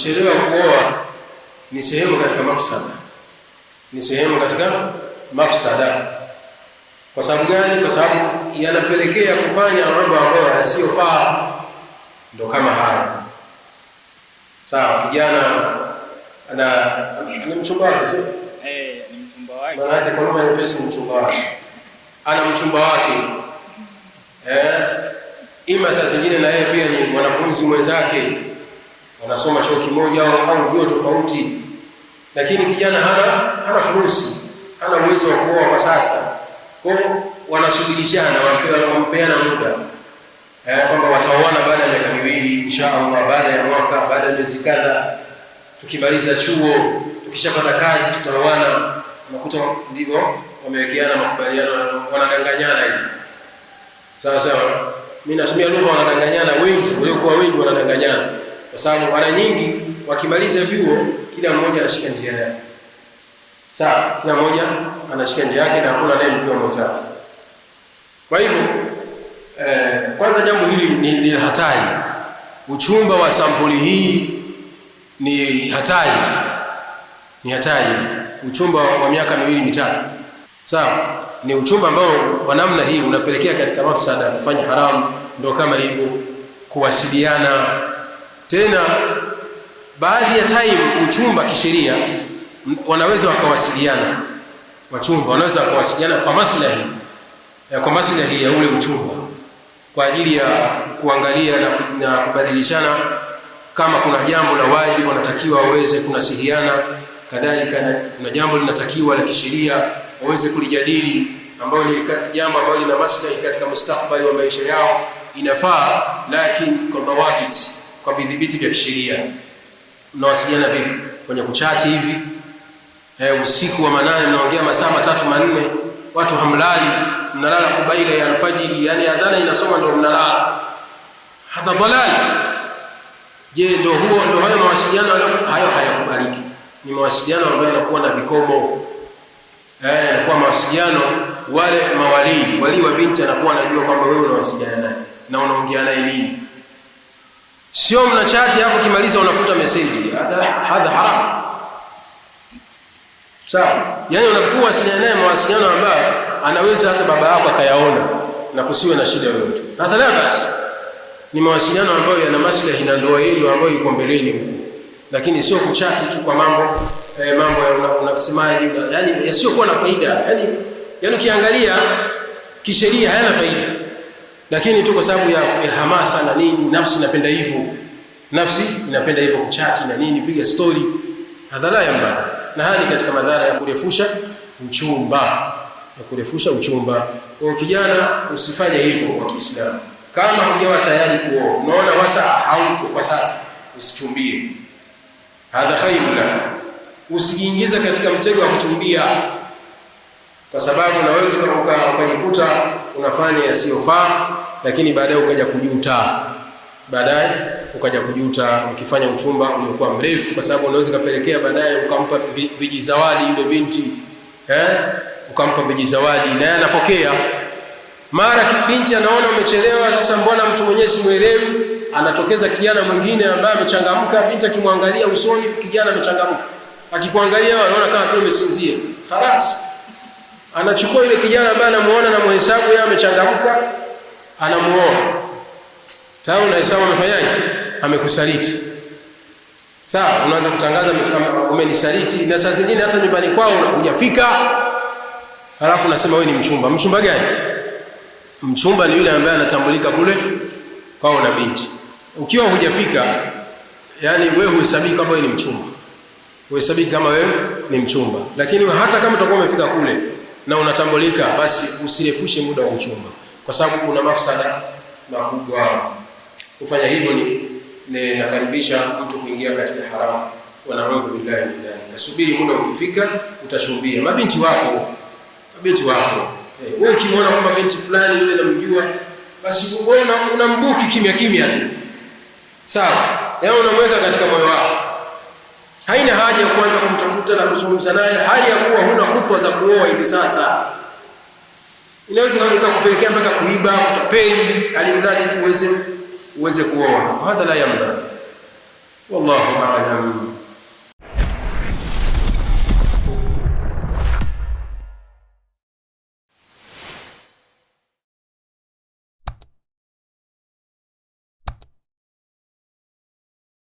Kuchelewa kuoa ni sehemu katika mafsada, ni sehemu katika mafsada. Kwa sababu gani? Kwa sababu yanapelekea kufanya mambo ambayo yasiyofaa, ndo kama haya. Sawa, kijana ana ni mchumba wake, sio eh? Ni mchumba wake, maana yake kwa lugha nyepesi, mchumba wake ana mchumba wake eh, ima saa zingine na yeye pia ni mwanafunzi mwenzake wanasoma chuo kimoja au vyuo tofauti, lakini kijana hana hana fursi, hana uwezo wa kuoa kwa sasa. Kwa wanasubirishana, wampeana muda eh, kwamba wataoana baada ya miaka miwili inshaallah baada ya mwaka, baada ya miezi kadha, tukimaliza chuo, tukishapata kazi, tutaoana. Unakuta ndivyo wamewekeana makubaliano, wanadanganyana hivi. Sawa sawa, mimi natumia lugha wanadanganyana, wengi waliokuwa wengi wanadanganyana sababu Mara nyingi wakimaliza vyuo, kila mmoja anashika njia yake, sawa. Kila mmoja anashika njia yake na hakuna anayemjua mwenzake. Kwa hivyo eh, kwanza jambo hili ni, ni hatari. Uchumba wa sampuli hii ni hatari, ni hatari. Uchumba wa miaka miwili mitatu, sawa, ni uchumba ambao wa namna hii unapelekea katika mafsada, kufanya haramu, ndo kama hivyo kuwasiliana tena baadhi ya time uchumba kisheria wanaweza wakawasiliana, wachumba wanaweza wakawasiliana kwa maslahi kwa maslahi ya ule uchumba kwa ajili ya kuangalia na, kubadilishana kama kuna jambo la wajibu wanatakiwa waweze kunasihiana, kadhalika kuna jambo linatakiwa la kisheria waweze kulijadili, ambayo ni jambo ambalo lina maslahi katika mustakbali wa maisha yao, inafaa lakini kwa dawabit kwa vidhibiti vya kisheria. Mnawasiliana vipi kwenye kuchati hivi? Eh, usiku wa manane mnaongea masaa matatu manne, watu hamlali, mnalala kubaila ya alfajiri, yani adhana inasoma ndio mnalala. Hadha dalali. Je, ndio huo ndio hayo mawasiliano hayo hayakubaliki? Ni mawasiliano ambayo yanakuwa na vikomo. Eh, yanakuwa mawasiliano wale mawalii, walii wa binti anakuwa anajua kwamba wewe unawasiliana naye na unaongea naye nini sio mna chat hapo kimaliza unafuta message hadha haram sawa yani unakuwa sina naye mawasiliano ambayo anaweza hata baba yako akayaona na kusiwe na shida yoyote mathalan basi ni mawasiliano ambayo yana maslahi na ndoa yenu ambayo iko mbeleni huko lakini sio kuchati tu kwa mambo eh, mambo ya unasemaje una, yani yasiyokuwa na faida yani yani ukiangalia kisheria hayana faida lakini tu kwa sababu ya, ya hamasa na nini, nafsi inapenda hivyo, nafsi inapenda hivyo kuchati na nini, piga story, hadhara ya mbada na hali katika madhara ya kurefusha uchumba, ya kurefusha uchumba. Kwa kijana, usifanye hivyo kwa Kiislamu. Kama hujawa tayari kuo unaona wasa au kwa sasa, usichumbie. Hadha khairu lak, usijiingize katika mtego wa kuchumbia, kwa sababu unaweza ukajikuta unafanya yasiyofaa lakini baadaye ukaja kujuta, baadaye ukaja kujuta ukifanya uchumba uliokuwa mrefu, kwa sababu unaweza kupelekea baadaye ukampa vijizawadi yule binti eh, ukampa vijizawadi naye anapokea. Mara binti anaona umechelewa, sasa mbona mtu mwenyewe simuelewi, anatokeza kijana mwingine ambaye amechangamka. Binti akimwangalia usoni, kijana amechangamka, akikuangalia anaona kama kile umesinzia, halasi anachukua ile kijana ambaye anamuona na muhesabu yeye amechangamka anamuoa tayari unahesabu amefanyaje amekusaliti sawa unaanza kutangaza umenisaliti na saa zingine hata nyumbani kwao hujafika halafu unasema wewe ni mchumba mchumba gani mchumba ni yule ambaye anatambulika kule kwao na binti ukiwa hujafika yani wewe huhesabiki kama wewe ni mchumba huhesabiki kama wewe ni mchumba lakini hata kama utakuwa umefika kule na unatambulika basi usirefushe muda wa uchumba kwa sababu kuna mafsada makubwa. Kufanya hivyo ni, nakaribisha mtu kuingia katika haramu, wanaudhu billahi min dhalik. Nasubiri muda ukifika, utashuhudia mabinti wako, mabinti wako eh, wewe ukimwona kwamba binti fulani yule namjua, basi una, unambuki kimya kimya tu, sawa? Yaani unamweka katika moyo wako haina haja ya kuanza kumtafuta na kuzungumza naye, hali ya kuwa huna kutwa za kuoa hivi sasa inaweza ikakupelekea mpaka kuiba, kutapeli, alimradi tu uweze uweze kuoa. Hadha la yamna, wallahu a'lam.